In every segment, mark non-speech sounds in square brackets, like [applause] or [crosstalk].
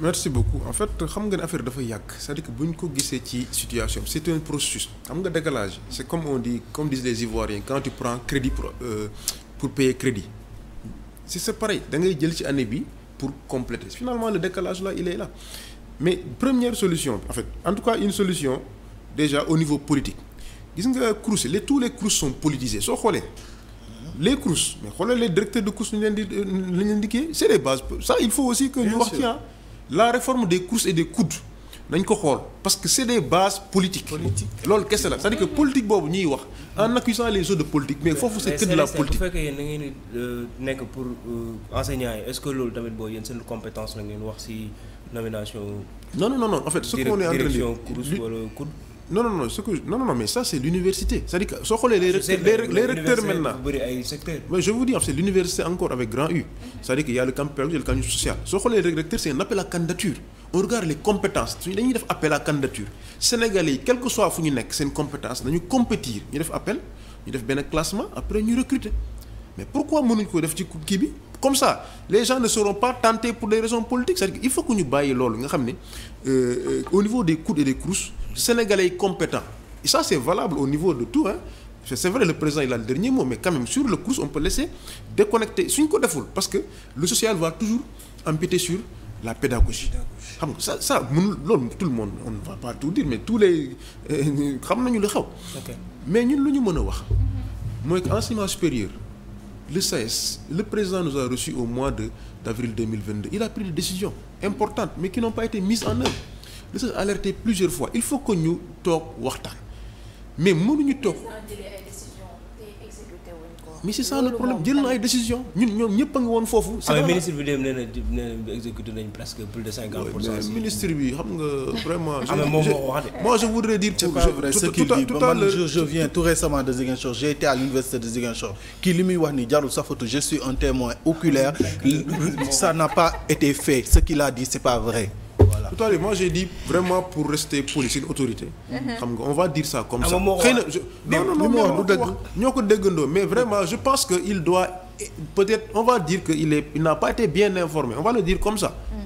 merci beaucoup en fait xam nga ne affaire dafa yàgg cest à bu ñu ko gisee ci situation c'est un processus xam nga décalage c'est comme on dit comme disent les Ivoiriens quand tu crédit pour euh, pour payer crédit c'est c'est pareil da ngay jël ci année bi pour compléter finalement le décalage là il est là mais première solution en fait en tout cas une solution déjà au niveau politique gis nga CROUS les tous les CROUS sont politisés soo xoolee les CROUS mais xoolal les directeurs de CROUS ñu leen di ñu leen di c'est les bases ça il faut aussi ah, nañ ko xool parce que c'est des bases politiques loolu kese la cest à que politique boobu ñuy wax en accusant les autres de politique mais foofu c'est que de politique bu fekkee yéen da ngeen di euh, nekk pour euh, enseignants yi est-ce que loolu tamit boo yéen seen compétence la ngeen wax ci nomination non non en fait ce qu'on est en train non non non ce que non non mais ça c'est l'université c'est-à-dire que soo xoolee les recteurs les recteurs maintenant mais je vous l'université encore avec grand U c'est-à-dire que y a le campus pédagogique le campus social soo xoolee les recteurs c'est un appel à candidature on les compétences suñu dañuy def appel à candidature Sénégalais yi quel soit fu ñu nekk seen compétence nañu compétir ñu def appel ñu def benn classement après ñu recruter mais pourquoi mënuñ ko def ci kii bi comme ça les gens ne seront pas tentés pour des raisons politiques cest à il faut que ñu bàyyi loolu nga xam ni euh, euh, au niveau des COUD et des CROUS sénégalais yi compétents et ça c'est valable au niveau de tout hein c'est vrai le président il a le dernier mot mais quand même sur le CROUS on peut laisser déconnecter suñ ko deful parce que lu social va toujours empiéter sur la pédagogie xam nga ça ça mënul loolu tout le monde on ne va pas tout dire mais tous les euh, xam nañu li xaw mais ñun lu ñu mën a wax mooy que enseignement supérieur le SAES, le président nous a au mois de 2022. Il a pris des décisions importantes, mais qui n'ont pas été mises en œuvre. Le SAES a alerté plusieurs fois. Il faut que nous talk, Mais nous, nous talk. mais c'est ça le problème jël na ay décision ñun ñoom ñëpp woon foofu. Ah, c'est ministre bi dem nee na nee na exécuté nañ presque plus de cinquante pour cent. ministre bi xam nga vraiment. Ah, je moom moo wax de. moi je voudrais dire. c'est pas vrai ce je viens tout récemment de Ziguinchor j'ai été à l'université de Ziguinchor kii li muy wax ni jarul sa photo je suis un témoin oculaire ça n'a pas été fait ce qu'il a dit c'est pas vrai. tout à l'heure moi j'ai dit vraiment pour rester poli c'est autorité. Mm-hmm. xam nga on va dire ça comme ah, ça. xëy na non non non du dëgg ñoo ko déggandoo mais vraiment je pense que il doit peut-être on va dire que il est il n'a pas été bien informé on va le dire comme ça.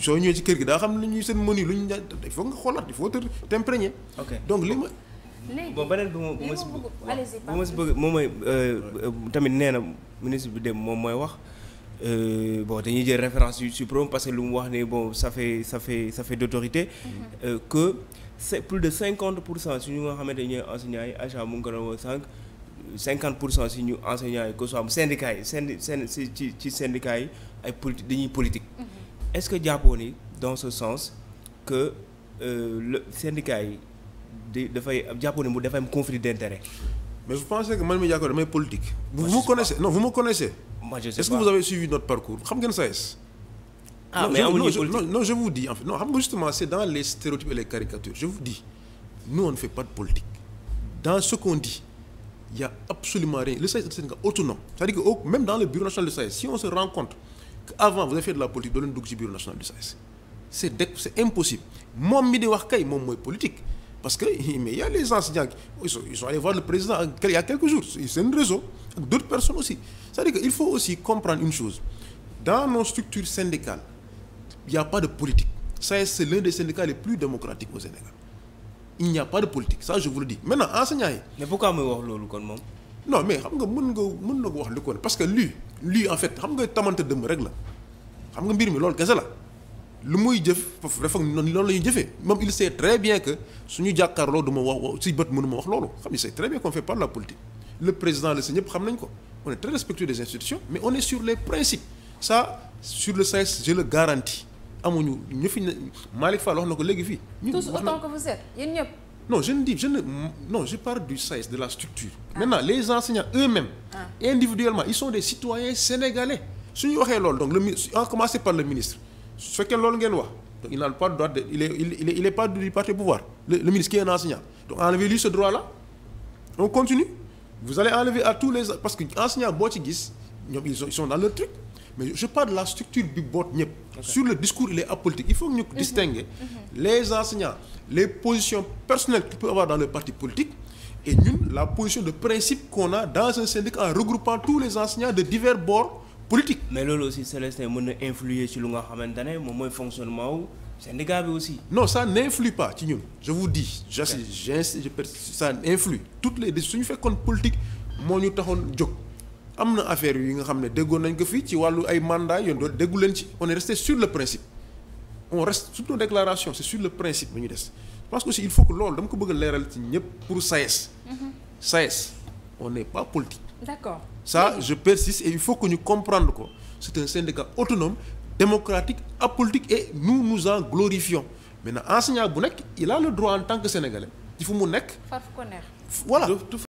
soo ñëwee ci kër gi daa xam ne ñuy seen menu lu ñu il faut nga xoolaat il faut te t'imprégner. donc li ma. léegi bon beneen bi ma bu ma si bu ma si bëgg moom mooy euh, tamit nee na ministre bi dem moom mooy wax euh, bon dañuy jël référence yu suprême parce que lu mu wax ni bon ça fait ça autorité ça fait d'autorité mhm. euh, que de cinquante pour cent suñu nga xamante ñooy enseignants yi achat mu ngi ko doon wax cinquante pour cent si ñu enseignants yi que soit syndicat yi seen seen ci ci syndicat yi ay politi dañuy politique mhm. est-ce que jàppoo ni dans ce sens que euh, le syndicat yi di dafay jàppoo ni mu dafay am conflit d'intérêt mais vous pensez que man mi jàkkaarloo damay politique. vous vous connaissez non vous me connaissez. est-ce que vous avez suivi notre parcours xam ngeen SAES. ah non, je vous dis en non xam nga justement c'est dans les stéréotypes et les caricatures je vous dis nous on ne fait pas de politique. dans ce qu'on absolument rien le SAES est un syndicat autonome cest à avant vous avez fait de la politique doo leen dugg ci bureau national du SAES c' est de impossible moom mi di wax kay moom mooy politique parce que [laughs] mais il y a les enseignants ils sont ils sont allés voir le président il y a quelques jours c'est réseau ak d' autres personnes aussi c'est-à-dire que il faut aussi comprendre une chose dans nos structures syndicales il pas de politique SAES c'est l'un des syndicats les plus démocratiques au Sénégal il n'y a pas de politique kon moom. non mais xam nga mën nga mën na ko wax li ko parce que lii lii en fait xam nga tamante dëmm rek la xam nga mbir mi loolu kese la lu muy jëf foofu dafa noonu loolu la ñuy jëfee moom il sait bien que suñu jàkkaarloo du ma wax si bët mënu ma wax loolu xam nga c'est très bien qu'on fait pas la politique le président la si ñëpp xam nañ ko on est très respectueux des institutions mais on sur les principes ça sur le sens je le garantis amuñu ñu fi ne Malick Fall wax na ko léegi fii. ñu wax na tous autant non je ne dis je ne non je parle du SAES de la structure. Ah. maintenant les enseignants eux-mêmes. Ah. individuellement ils sont des citoyens sénégalais su ñu waxee lool donc le mi en commencer par le ministre su fekkee loolu ngeen wax donc il n'a pas le droit de il est il est pas du parti pouvoir le, le ministre qui est un enseignant donc enlevez-lui ce droit-là on continue vous allez enlever à tous les parce que enseignants boo ci gis ñoom ils sont dans mais je la structure bi boot ñëpp. sur le discours il est apolitique il faut que ñu mhm. distinguer mhm. les enseignants les positions personnelles qu'ils peuvent avoir dans le parti politique et ñun la position de principe qu'on a dans un syndicat en regroupant tous les enseignants de divers bords politiques mais loolu aussi Célestin mën na influer ci lu nga xamante ne moom mooy fonctionnement wu syndicat bi aussi non ça n'influe pas ci ñun je vous dis j'assiste j'insiste ça influe toutes les suñu fekkoon politique moo ñu taxoon jóg am na affaire yi nga xam ne déggoon nañ ko fi ci wàllu ay mandat yoon doon déggu leen ci on est resté sur le principe on reste sur nos déclarations c'est sur le principe la ñu des parce que aussi il faut que loolu dama ko bëgg a leeral ci ñëpp pour SAES SAES mm-hmm. e on n'est pas politique d'accord ça je persiste et il faut que ñu comprendre ko c'est un syndicat autonome démocratique apolitique et nous nous en glorifions maintenant enseignant bu nekk il a le droit en tant que sénégalais mu nekk voilà